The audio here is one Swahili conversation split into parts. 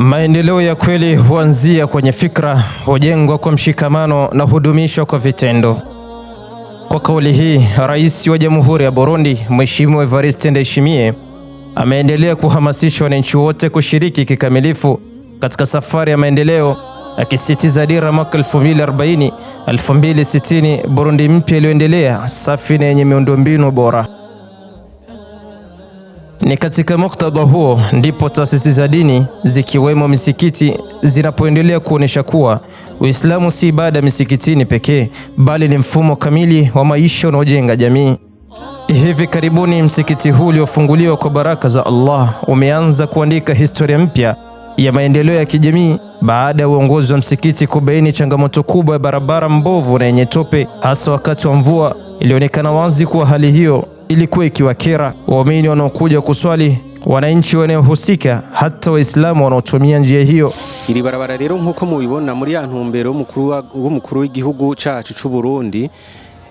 Maendeleo ya kweli huanzia kwenye fikra, hujengwa kwa mshikamano na hudumishwa kwa vitendo. Kwa kauli hii, Rais wa Jamhuri ya Burundi Mheshimiwa Evariste Ndayishimiye ameendelea kuhamasisha wananchi wote kushiriki kikamilifu katika safari ya maendeleo, akisisitiza dira mwaka 2040 2060, Burundi mpya iliyoendelea, safi na yenye miundombinu bora. Ni katika muktadha huo ndipo taasisi za dini zikiwemo misikiti zinapoendelea kuonesha kuwa Uislamu si ibada misikitini pekee, bali ni mfumo kamili wa maisha unaojenga jamii. Hivi karibuni msikiti huu uliofunguliwa kwa baraka za Allah umeanza kuandika historia mpya ya maendeleo ya kijamii baada ya uongozi wa msikiti kubaini changamoto kubwa ya barabara mbovu na yenye tope, hasa wakati wa mvua. Ilionekana wazi kuwa hali hiyo ilikuwa ikiwakera waumini wanaokuja kuswali, wananchi wanaohusika, hata waislamu wanaotumia njia hiyo. Iri barabara rero nkuko mubibona muri ya ntumbero w'umukuru w'igihugu cacu c'u Burundi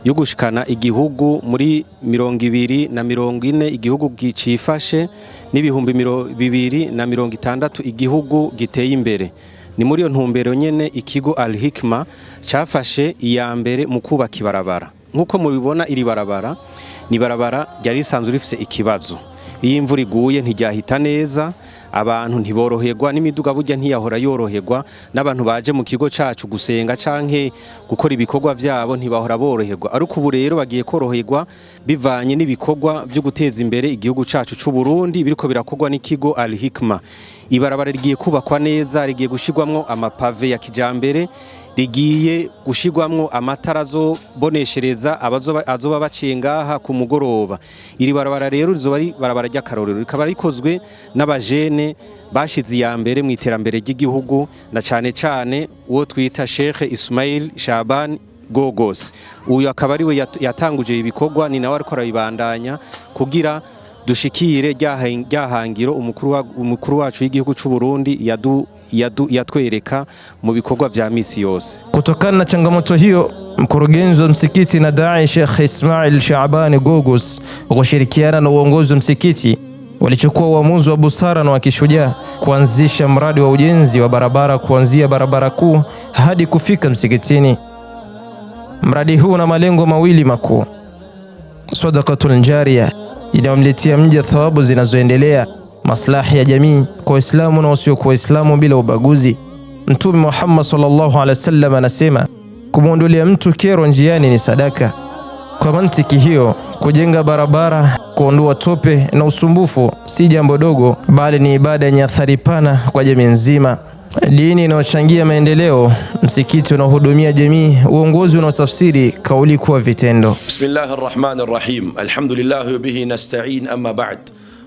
yo gushikana igihugu muri mirongo ibiri na mirongo ine igihugu gicifashe n'ibihumbi bibiri na mirongo itandatu igihugu giteye imbere ni muri iyo ntumbero nyene ikigo Al Hikma cafashe iya mbere mu kubaka ibarabara nk'uko mubibona iri barabara ni barabara ryari risanzwe rifite ikibazo iyo imvura iguye ntiryahita neza abantu ntiboroherwa n'imiduga burya ntiyahora yoroherwa n'abantu baje mu kigo cacu gusenga canke gukora ibikorwa byabo ntibahora boroherwa ariko ubu rero bagiye koroherwa bivanye n'ibikorwa byo guteza imbere igihugu cacu cy'u Burundi biriko birakorwa n'ikigo Al Hikma ibarabara rigiye kubakwa neza rigiye gushirwamwo amapave ya kijambere rigiye gushyirwamo amatara azoboneshereza azoba baciye ngaha ku mugoroba iri barabara rero rizoba ari barabara ry'akarorero rikaba rikozwe n'abajene bashyize iya mbere mu iterambere ry'igihugu na cyane cyane uwo twita Sheikh Ismail Shaban Gogos uyu akaba ari we yatanguje ibikorwa ni nawe ariko arabibandanya kugira dushikire ryahangiro umukuru wacu w'igihugu cy'u Burundi yatwereka mu bikorwa vya misi yose. Kutokana na changamoto hiyo, mkurugenzi wa msikiti na dai Sheikh Ismail Shaabani Gogos kushirikiana na uongozi wa msikiti walichukua uamuzi wa busara na wa kishujaa kuanzisha mradi wa ujenzi wa barabara kuanzia barabara kuu hadi kufika msikitini. Mradi huu una malengo mawili makuu: sadaqatul jariya inayomletea mja thawabu zinazoendelea, maslahi ya jamii kwa Waislamu na wasiokuwa Waislamu bila ubaguzi. Mtume Muhammad sallallahu alaihi wasallam anasema kumwondolea mtu kero njiani ni sadaka. Kwa mantiki hiyo, kujenga barabara, kuondoa tope na usumbufu si jambo dogo, bali ni ibada yenye athari pana kwa jamii nzima. Dini inayochangia maendeleo msikiti unaohudumia jamii, uongozi unaotafsiri kauli kuwa vitendo. Bismillahir Rahmanir Rahim, alhamdulillahi wa bihi nasta'in, amma ba'd.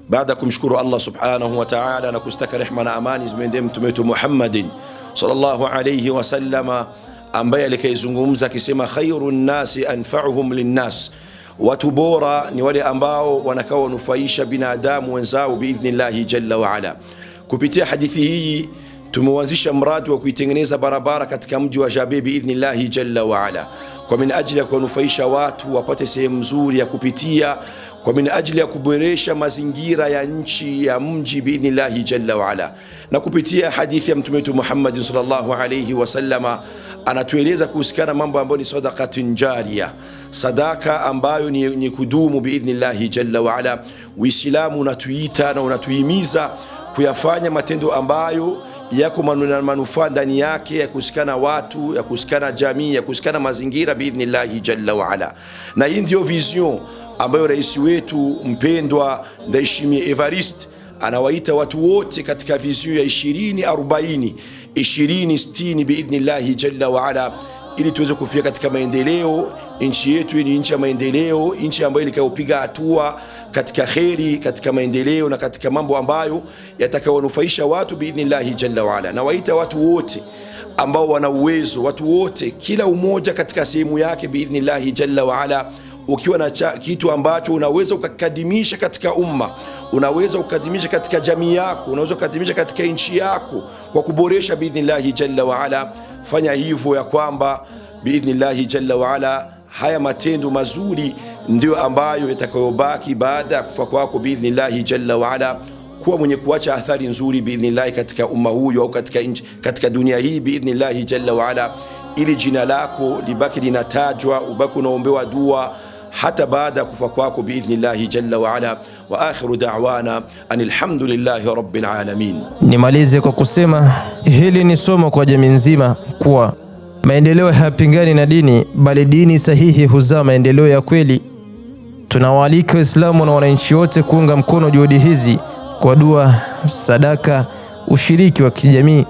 Baada kumshukuru Allah subhanahu wa ta'ala na kustaka rehma na amani zimeendee mtume wetu Muhammadin sallallahu alayhi sallama, ambaye alikaizungumza akisema, khairu nasi anfa'uhum linnas Watu bora ni wale ambao wanakaa wanufaisha binadamu wenzao biidhnillahi jalla ala. Kupitia hadithi hii tumeuanzisha mradi wa kuitengeneza barabara katika mji wa Jabe biidhnillahi jalla waala, kwa min ajili ya kuwanufaisha watu wapate sehemu nzuri ya kupitia, kwa min ajili ya kuboresha mazingira ya nchi ya mji biidhnillahi jalla waala. Na kupitia hadithi ya mtume wetu Muhammad sallallahu alayhi wasallama anatueleza kuhusikana mambo ambayo ni sadaqatin jaria, sadaka ambayo ni, ni kudumu biidhnillahi jalla waala. Uislamu unatuita na unatuhimiza kuyafanya matendo ambayo yako manufaa ndani yake ya kusikana watu ya kusikana jamii ya kusikana mazingira biidhnillahi jalla waala. Na hii ndiyo vision ambayo rais wetu mpendwa Ndayishimiye Evariste anawaita watu wote katika vision ya 2040 2060 biidhnillahi jalla waala ili tuweze kufika katika maendeleo. Nchi yetu ni nchi ya maendeleo, nchi ambayo ilikayopiga hatua katika kheri, katika maendeleo na katika mambo ambayo yatakayonufaisha watu biidhnillahi jalla waala. Na waita watu wote ambao wana uwezo, watu wote, kila umoja katika sehemu yake biidhnillahi jalla waala ukiwa na kitu ambacho unaweza ukakadimisha katika umma, unaweza ukadimisha katika jamii yako, unaweza ukadimisha katika nchi yako kwa kuboresha biidhnillahi jalla waala fanya hivyo ya kwamba biidhnillahi jalla waala, haya matendo mazuri ndiyo ambayo yatakayobaki baada ya kufa kwako biidhnillahi jalla waala, kuwa mwenye kuacha athari nzuri biidhnillahi katika umma huyo au katika, katika dunia hii biidhnillahi jalla waala, ili jina lako libaki linatajwa, ubaki unaombewa dua hata baada ya kufa kwako llahi jalla waala wa akhiru da'wana alhamdulillahi rabbil alamin. Nimalize kwa kusema hili ni somo kwa jamii nzima kuwa maendeleo hayapingani na dini, bali dini sahihi huzaa maendeleo ya kweli. Tunawaalika Waislamu na wananchi wote kuunga mkono juhudi hizi kwa dua, sadaka, ushiriki wa kijamii.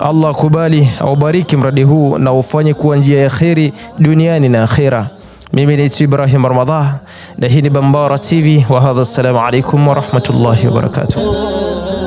Allah akubali aubariki mradi huu na ufanye kuwa njia ya kheri duniani na akhera. Mimi naitwa Ibrahim Ramadhan na hii ni Bambara TV wa hadha, assalamu alaikum warahmatullahi wabarakatuh.